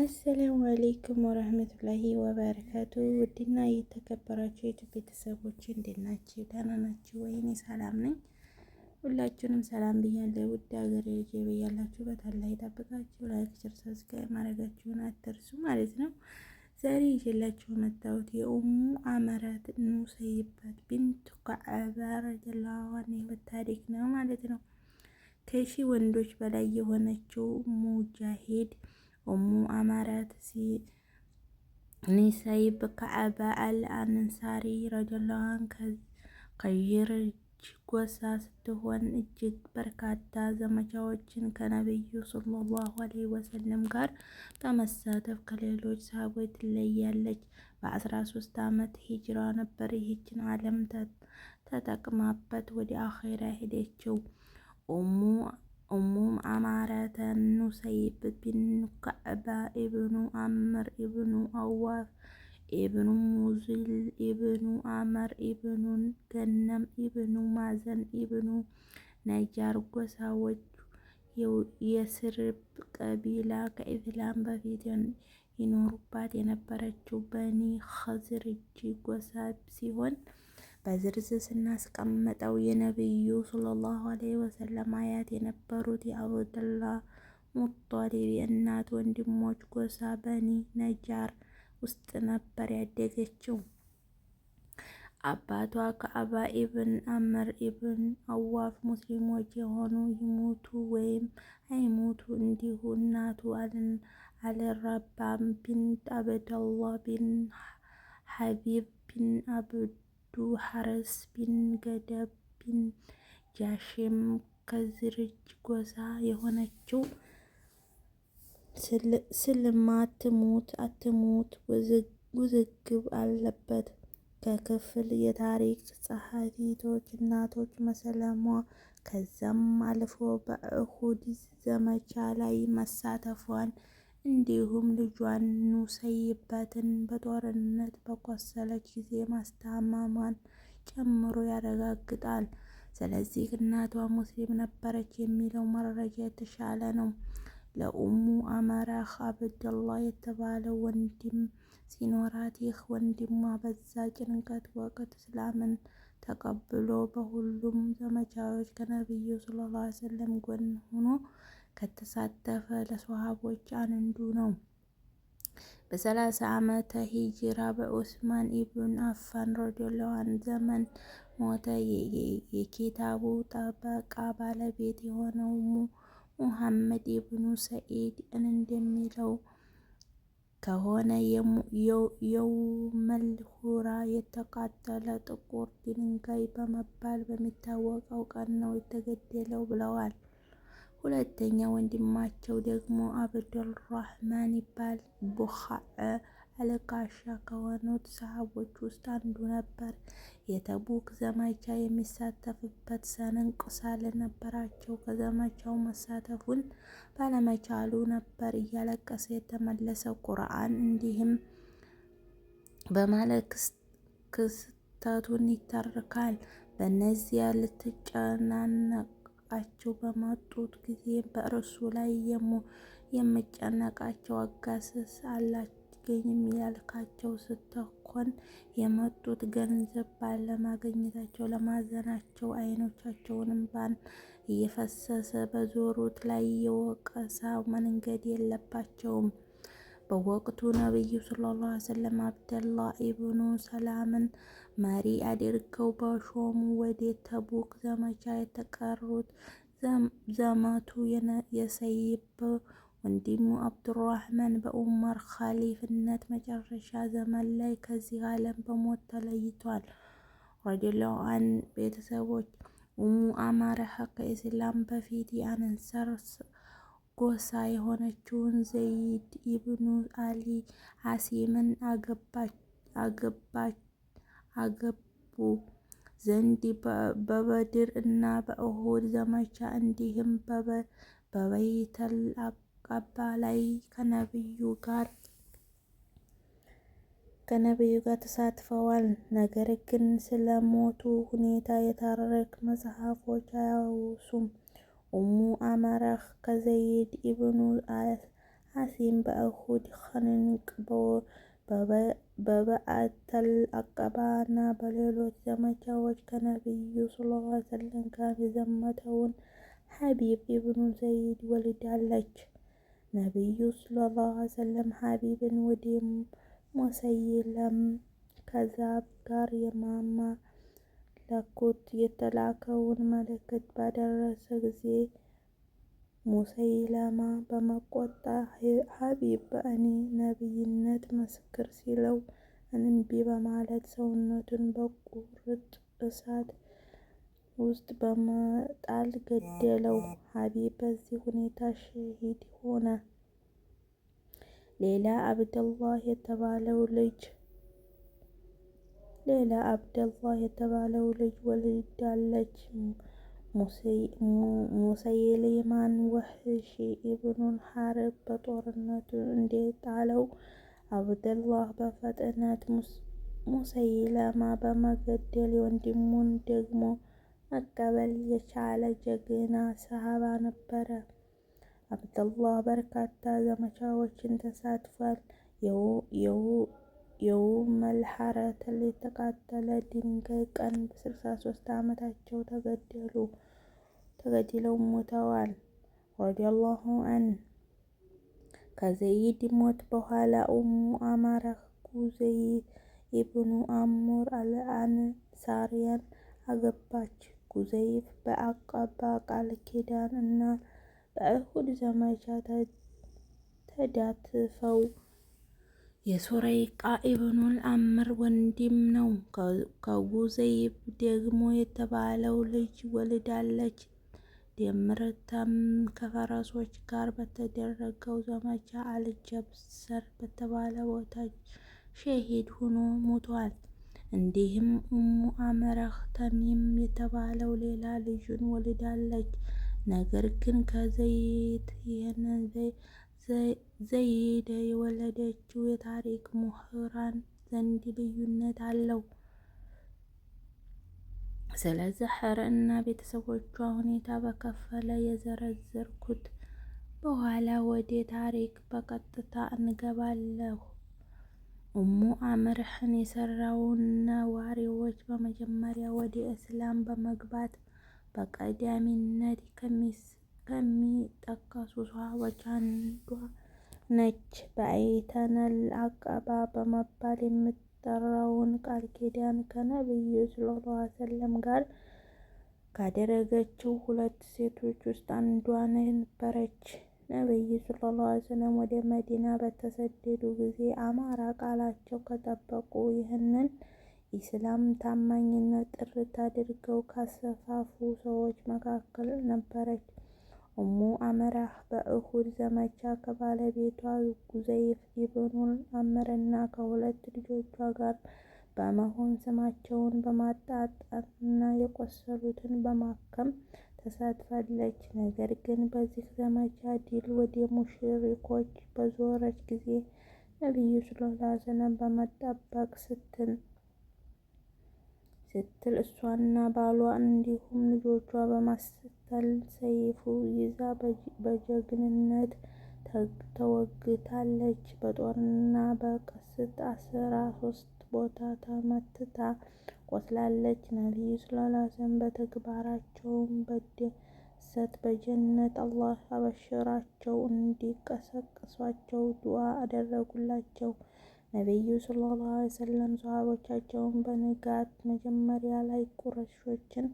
አሰላሙ አሌይኩም ወረህመቱላሂ ወበረካቱ። ውድና የተከበራችሁ የቱ ቤተሰቦች እንዴት ናችሁ? ደህና ናችሁ? ወይኔ ሰላም ነኝ። ሁላችሁንም ሰላም ብያለሁ። ውድ ሀገሬ ልጅ ብያላችሁበት አላህ ይጠብቃችሁ። ላይክ ሸር፣ ሰብስክራይብ ማድረጋችሁን አትርሱ ማለት ነው። ዛሬ ይዤላችሁ መጣሁት የኡሙ አመራት ኑሰይባት ቢንት ከዕብ ረዲየላሁ ዐንሃ ታሪክ ነው ማለት ነው። ከሺህ ወንዶች በላይ የሆነችው ሙጃሂድ እሙ አማራት ኒሰይብ ከአባ አልአንሳሪ ረዲላን ከይርጅ ጎሳ ስትሆን እጅግ በርካታ ዘመቻዎችን ከነቢዩ ሰለላሁ ዐለይሂ ወሰለም ጋር በመሳተፍ ከሌሎች ሰሃቦች ትለያለች። በአስራ ሶስት ዓመት ሂጅራ ነበር ይህችን ዓለም ተጠቅማበት ወደ አኼራ ሄደችው ኡሙ እሙም አማረ ተኑሰይብ ቢንካዕባ ኢብኑ አምር ኢብኑ አዋፍ ኢብኑ ሙዚል ኢብኑ አመር ኢብኑ ገነም ኢብኑ ማዘን ኢብኑ ነጃር ጎሳዎች የስርብ ቀቢላ ከኢስላም በፊት ይኖሩባት የነበረችው በኒ ኸዝርጅ ጎሳ ሲሆን በዝርዝር ስናስቀምጠው የነቢዩ ሰለላሁ ዐለይሂ ወሰለም አያት የነበሩት የአብዱላ ሙጦሊብ እናት ወንድሞች ጎሳ በኒ ነጃር ውስጥ ነበር ያደገችው። አባቷ ከአባ ኢብን አምር ኢብን አዋፍ ሙስሊሞች የሆኑ ይሙቱ ወይም አይሙቱ እንዲሁ እናቱ አልረባም ቢንት አብደላህ ቢን ሐቢብ ቢን አብድ ሐረስ ቢን ገደብ ቢን ጃሽም ከዝርጅ ጎሳ የሆነችው ስልማ ትሙት አትሙት ውዝግብ አለበት። ከክፍል የታሪክ ጸሐፊዎች እናቶች መሰለሟ ከዛም አልፎ በእሁድ ዘመቻ ላይ መሳተፏን እንዲሁም ልጇን ኑሰይበትን በጦርነት በቆሰለች ጊዜ ማስተማማን ጨምሮ ያረጋግጣል። ስለዚህ እናቷ ሙስሊም ነበረች የሚለው መረጃ የተሻለ ነው። ለኡሙ አመራህ አብድላ የተባለው ወንድም ሲኖራት ይህ ወንድሟ በዛ ጭንቀት ወቅት እስላምን ተቀብሎ በሁሉም ዘመቻዎች ከነቢዩ ሰለላሁ ዐለይሂ ወሰለም ጎን ሆኖ ከተሳተፈ ለሶሃቦች አንዱ ነው። በሰላሳ ዓመተ ሂጅራ በዑስማን ኢብን አፋን ረዲየላሁ ዘመን ሞተ። የኪታቡ ጠበቃ ባለቤት የሆነው ሙሐመድ ኢብኑ ሰዒድ እንደሚለው ከሆነ የውመል ሁራ የተቃጠለ ጥቁር ድንጋይ በመባል በሚታወቀው ቀን ነው የተገደለው ብለዋል። ሁለተኛ ወንድማቸው ደግሞ አብዱራህማን ይባል ቡኻ አለቃሻ ከሆኑት ሰሃቦች ውስጥ አንዱ ነበር። የተቡክ ዘመቻ የሚሳተፍበት ሰነን ቁሳለ ነበራቸው። ከዘመቻው መሳተፉን ባለመቻሉ ነበር እያለቀሰ የተመለሰ ቁርአን እንዲህም በማለት ክስተቱን ይተርካል። በእነዚያ ልትጨናነቅ አውቃቸው በመጡት ጊዜ በእርሱ ላይ የምጨነቃቸው አጋስስ አላገኝም ያልካቸው ስትኮን የመጡት ገንዘብ ባለማገኘታቸው ለማዘናቸው አይኖቻቸውንም ባን እየፈሰሰ በዞሩት ላይ የወቀሳ መንገድ የለባቸውም። በወቅቱ ነቢዩ ሰለላሁ ዐለይሂ ወሰለም አብደላህ ኢብኑ ሰላምን መሪ አድርገው በሾሙ ወደ ተቡክ ዘመቻ የተቀሩት ዘመቱ የሰይብ ወንድሙ አብዱራህማን በኡመር ኻሊፍነት መጨረሻ ዘመን ላይ ከዚህ ዓለም በሞት ተለይቷል። ረዲየላሁ አን ቤተሰቦች ኡሙ አማረ ከኢስላም በፊት የአንሳር ጎሳ የሆነችውን ዘይድ ኢብኑ አሊ አሲምን አገቡ ዘንድ በበድር እና በእሁድ ዘመቻ እንዲሁም በበይተል አቃባ ላይ ከነብዩ ጋር ከነብዩ ጋር ተሳትፈዋል። ነገር ግን ስለሞቱ ሁኔታ የታሪክ መጽሐፎች አያውሱም። أمو أمارة كزيد ابن عاصم بأخود خننك بو بابا أتل أقبانا بليلو الزمتة وجكنا في صلى الله عليه وسلم كان زمتون حبيب ابن زيد ولد علج نبي صلى الله عليه وسلم حبيب وديم مسيلم كذاب كار يماما መለኮት የተላከውን መልእክት ባደረሰ ጊዜ ሙሰይለማ በመቆጣ ሀቢብ በእኔ ነቢይነት ምስክር ሲለው እንቢ በማለት ሰውነቱን በቁርጥ እሳት ውስጥ በመጣል ገደለው። ሀቢብ በዚህ ሁኔታ ሸሂድ ሆነ። ሌላ አብደላህ የተባለው ልጅ ሌላ አብደላህ የተባለው ልጅ ወልዳለች። ሙሰይሊማን ወህሺ ኢብኑን ሐርብ በጦርነቱ እንደጣለው አብደላህ በፍጥነት ሙሰይለማ በመገደል ወንድሙን ደግሞ መቀበል የቻለ ጀግና ሰሃባ ነበረ። አብደላህ በርካታ ዘመቻዎችን ተሳትፏል። የውም አልሐረተል የተቃጠለ ድንጋይ ቀን በ63 ዓመታቸው ተገደሉ ተገድለው ሞተዋል። ረዲየላሁ አን ከዘይድ ሞት በኋላ ኡሙ አማራ ጉዘይ ኢብኑ አሙር ሳሪያን አገባች። ጉዘይፍ በአቀባ ቃል ኪዳን እና በእሁድ ዘመቻ ተዳትፈው የሱረይቃ ኢብኑል አምር ወንድም ነው። ከጉዘይብ ደግሞ የተባለው ልጅ ወልዳለች። ደምርታም ከፈረሶች ጋር በተደረገው ዘመቻ አልጀብሰር በተባለ ቦታ ሸሂድ ሆኖ ሞቷል። እንዲህም ኡሙ አመረህ ተሚም የተባለው ሌላ ልጁን ወልዳለች። ነገር ግን ከዘይት ይህንን ዘይደ የወለደችው የታሪክ ምሁራን ዘንድ ልዩነት አለው። ስለ ዘሐር እና ቤተሰቦቿ ሁኔታ በከፈለ የዘረዘርኩት በኋላ ወደ ታሪክ በቀጥታ እንገባለሁ። ኡሙ አምርሕን የሰራውና ዋሪዎች በመጀመሪያ ወደ እስላም በመግባት በቀዳሚነት ከሚጠቀሱ ሰሃቦች አንዷ ነች። በአይተነል አቀባ በመባል የምትጠራውን ቃል ኪዳን ከነቢዩ ሰለላሁ ዐለይሂ ወሰለም ጋር ካደረገችው ሁለት ሴቶች ውስጥ አንዷ ነበረች። ነቢዩ ሰለላሁ ዐለይሂ ወሰለም ወደ መዲና በተሰደዱ ጊዜ አማራ ቃላቸው ከጠበቁ ይህንን ኢስላም ታማኝነት ጥርት አድርገው ካሰፋፉ ሰዎች መካከል ነበረች። ኡሙ አመራህ በእሁድ ዘመቻ ከባለቤቷ ዙዘይፍ ኢብኑል አምርና ከሁለት ልጆቿ ጋር በመሆን ስማቸውን በማጣጣልና የቆሰሉትን በማከም ተሳትፋለች። ነገር ግን በዚህ ዘመቻ ድል ወደ ሙሽሪኮች በዞረች ጊዜ ነቢዩ ሰለላሁ በመጠበቅ ስትን ስትል እሷና ባሏ እንዲሁም ልጆቿ በማስተል ሰይፉ ይዛ በጀግንነት ተወግታለች። በጦርና በቀስት አስራ ሶስት ቦታ ተመትታ ቆስላለች። ነቢዩ ስላላሰን በተግባራቸውም በደሰት በጀነት አላህ አበሽራቸው እንዲቀሰቅሷቸው ዱዓ አደረጉላቸው። ነቢዩ ሰለላሁ ዐለይሂ ወሰለም ሰሃቦቻቸውን በንጋት መጀመሪያ ላይ ቁረሾችን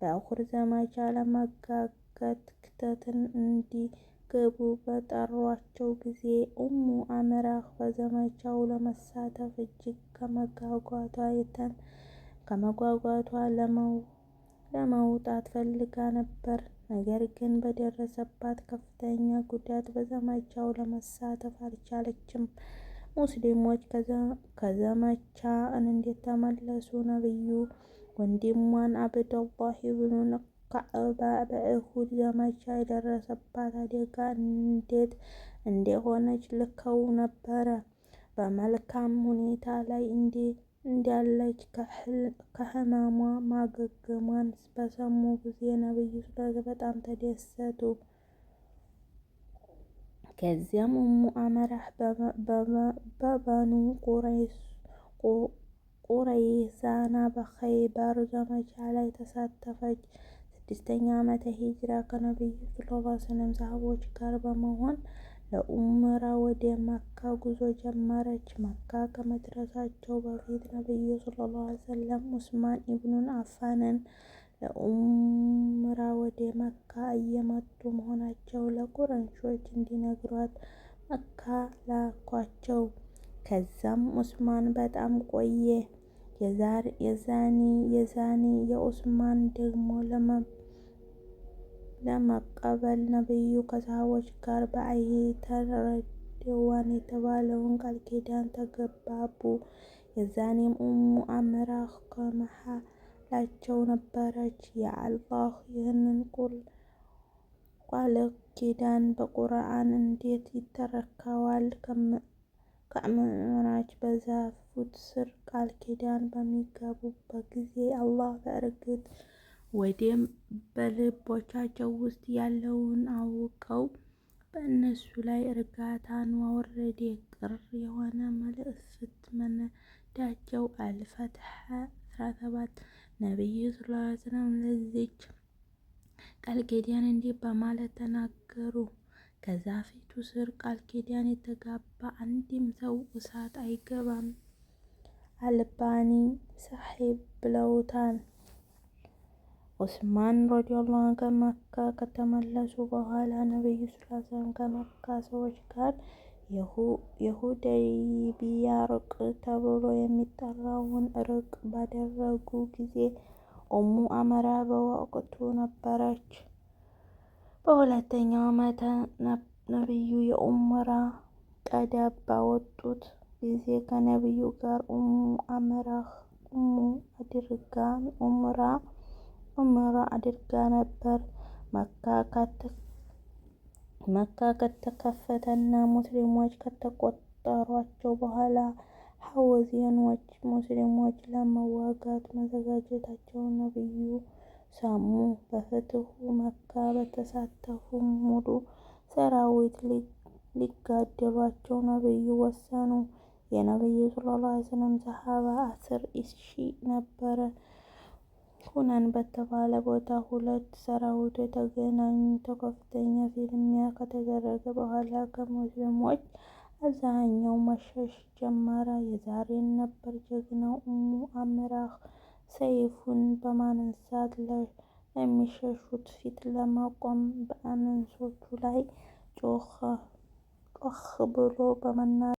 በአኹር ዘመቻ ለማጋጋት ክተትን እንዲገቡ በጠሯቸው ጊዜ ኡሙ አምራህ በዘመቻው ለመሳተፍ እጅግ ከመጓጓቷ የተን ከመጓጓቷ ለመውጣት ፈልጋ ነበር። ነገር ግን በደረሰባት ከፍተኛ ጉዳት በዘመቻው ለመሳተፍ አልቻለችም። ሙስሊሞች ከዘመቻ እንደተመለሱ ነቢዩ ወንድሟን አብደላህ ብኑን ከዕባ በእሁድ ዘመቻ የደረሰባት አደጋ እንዴት እንደሆነች ልከው ነበረ። በመልካም ሁኔታ ላይ እንዳለች ከህመሟ ማገገሟን በሰሙ ጊዜ ነብዩ ስለዚህ በጣም ተደሰቱ። ከዚያም ኡሙ አመራህ በበኑ ቁረይዛና በኸይበር ዘመቻ ላይ ተሳተፈች። ስድስተኛ ዓመተ ሂጅራ ከነቢዩ ሰለላሁ ዐለይሂ ሰሃቦች ጋር በመሆን ለኡምራ ወደ መካ ጉዞ ጀመረች። መካ ከመድረሳቸው በፊት ነቢዩ ሰለላሁ ሰለም ወሰለም ኢብኑን አፋንን ለኡምራ ወደ መካ እየመጡ መሆናቸው ለቁረንሾች እንዲነግሯት መካ ላኳቸው። ከዛም ኡስማን በጣም ቆየ። የዛኒ የዛኒ የኡስማን ደግሞ ለመቀበል ነብዩ ከሰሃቦች ጋር በአይ ረድዋን የተባለውን ቃል ኪዳን ተገባቡ። የዛኔም ኡሙ አምራ ከመሃ ስትላቸው ነበረች። የአላህ ይህንን ቃል ኪዳን በቁርአን እንዴት ይተረከዋል? ከአማኞች በዛፉት ስር ቃል ኪዳን በሚገቡበት ጊዜ አላህ በእርግጥ ወደም በልቦቻቸው ውስጥ ያለውን አውቀው በእነሱ ላይ እርጋታን ወረደ። ቅር የሆነ መልእክት መነዳቸው አልፈትሐ 17 ነቢዩ ሰለላሁ ዐለይሂ ወሰለም ለዚች ቃል ኪዳን እንዲህ በማለት ተናገሩ። ከዛፊቱ ስር ቃል ኪዳን የተጋባ አንድም ሰው እሳት አይገባም። አልባኒ ሳሒብ ብለውታል። ዑስማን ረዲየላሁ ከመካ ከተመለሱ በኋላ ነቢዩ ሰለላሁ ዐለይሂ ወሰለም ከመካ ሰዎች ጋር የሁደይቢያ ርቅ ተብሎ የሚጠራውን ርቅ ባደረጉ ጊዜ ኡሙ አመራ በወቅቱ ነበረች። በሁለተኛው ዓመተ ነቢዩ የኡምራ ቀዳ ባወጡት ጊዜ ከነቢዩ ጋር ኡሙ አመራ ኡሙ አድርጋ ኡምራ አድርጋ ነበር። መካ መካ ከተከፈተና ሙስሊሞች ከተቆጠሯቸው በኋላ ሐዋዚኖች ሙስሊሞች ለመዋጋት መዘጋጀታቸው ነብዩ ሰሙ። በፍትሁ መካ በተሳተፉ ሙሉ ሰራዊት ሊጋደሏቸው ነብዩ ወሰኑ። የነብዩ ሰለላሁ ዐለይሂ ወሰለም አስር ሺህ ነበረ። ሁነን በተባለ ቦታ ሁለት ሰራዊቱ ተገናኝቶ ከፍተኛ ፊልሚያ ከተደረገ በኋላ ከሙስሊሞች አብዛኛው መሸሽ ጀመረ። የዛሬን ነበር ጀግናው እሙ አምራህ ሰይፉን በማንሳት ለሚሸሹት ፊት ለማቆም በአናንሶቹ ላይ ጮህ ብሎ በመናገር